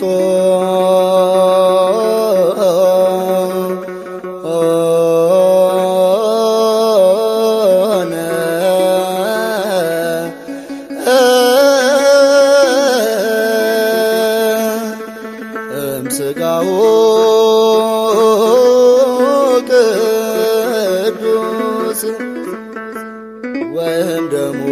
تامطون ወይም ደግሞ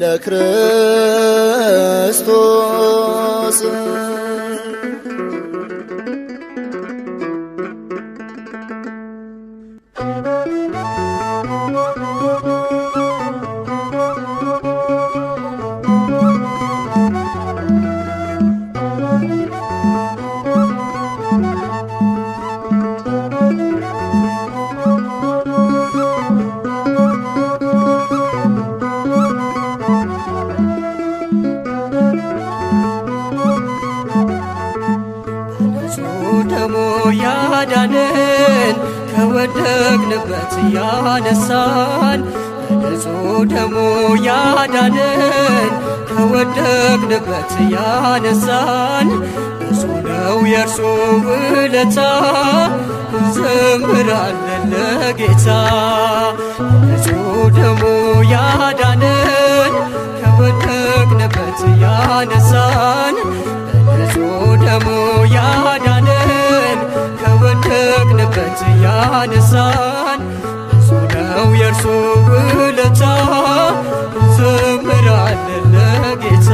ለክርስቶስ ከደሙ ያዳነን ከወደቅንበት ያነሳን በንጹህ ደሙ ያዳነን ከወደቅንበት ያነሳን ብዙ ነው የእርሱ ውለታ እንዘምራለን ለጌታ በንጹህ ደሙ ያዳነን ከወደቅንበት ያነሳን ያነሳን ብዙ ነው የእርሱ ውለታ፣ እንዘምራለን ለጌታ።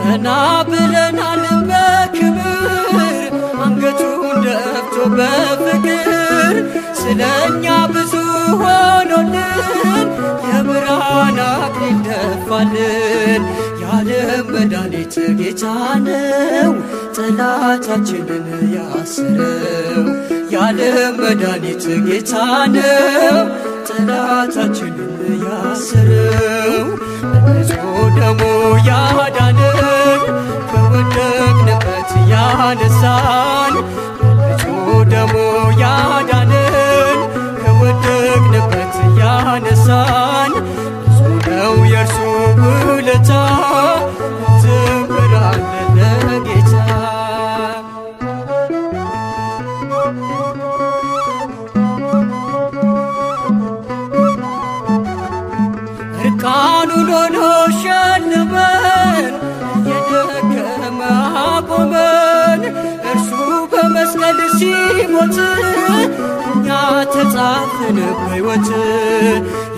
ቀና ብለናል በክብር አንገቱን ደፍቶ በፍቅር ስለኛ እንወጣዋለን። የዓለም መድኃኒት ጌታ ነው ጠላታችንን ያስረው። የዓለም መድኃኒት ጌታ ነው ጠላታችንን ያሰረው። በንጹሕ ደሙ ያዳነን ከወደቅንበት ያነሳ እርቃኑን ሆኖ ሸልመን የደከመ እርሱ በመስቀል ሲሞት እኛ ተጻፍን በሕይወት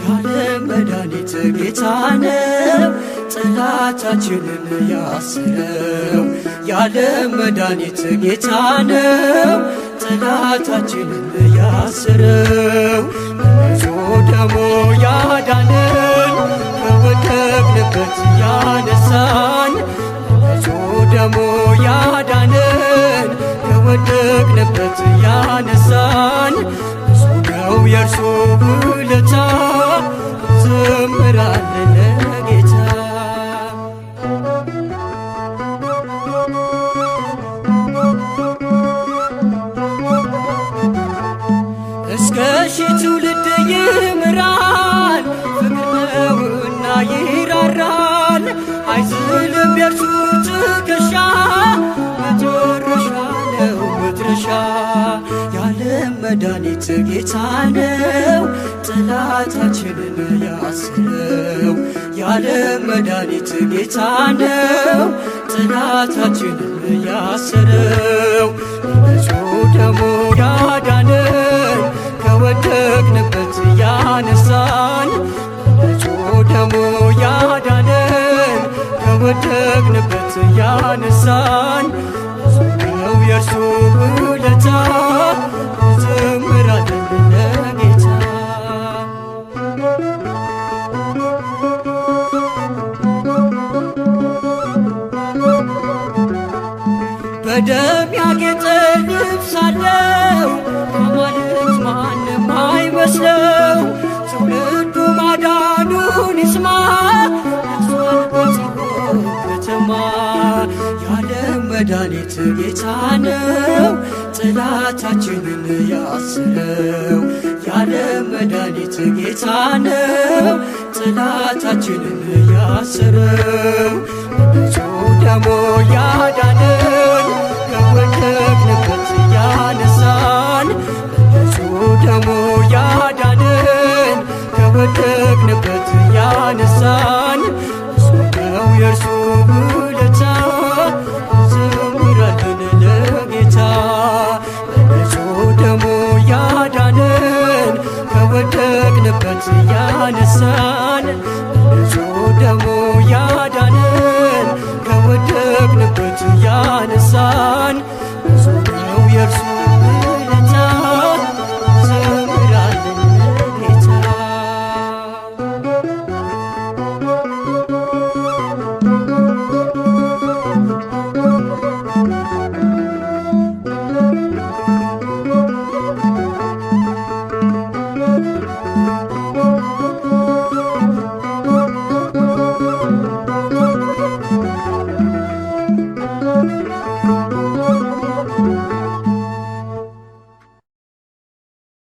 ያለ መድኃኒት ጌታ ነው ጠላታችንን ያስረው ያለ መድኃኒት ጌታ ነው ጠላታችንን ያሰረው እሱ ደግሞ ያዳነን ከወደቅንበት ያነሳን ብዙ ደሞ ያዳነን ከወደቅንበት ያነሳን ትውልድ ይምራል ፍቅርና ይራራል አይዝልም የእርሱ ትከሻ መጨረሻ ነው መድረሻ የዓለም መድኃኒት ጌታ ነው ጠላታችንን ያስነው የዓለም መድኃኒት ጌታ ነው ጠላታችንን ያስነው ከወደቅንበት ያነሳን ነው የእርሱ ውለታ። እንዘምራለን በደም ያጌጠ ልብስ አለው ከማለት ማንም አይመስለው ትውልዱ ማዳኑን ይስማ መድኃኒት ጌታ ነው ጥላታችንን ያስረው ያለ መድኃኒት ጌታ ነው ጥላታችንን ያስረው ብዙ ደሞ ያዳነው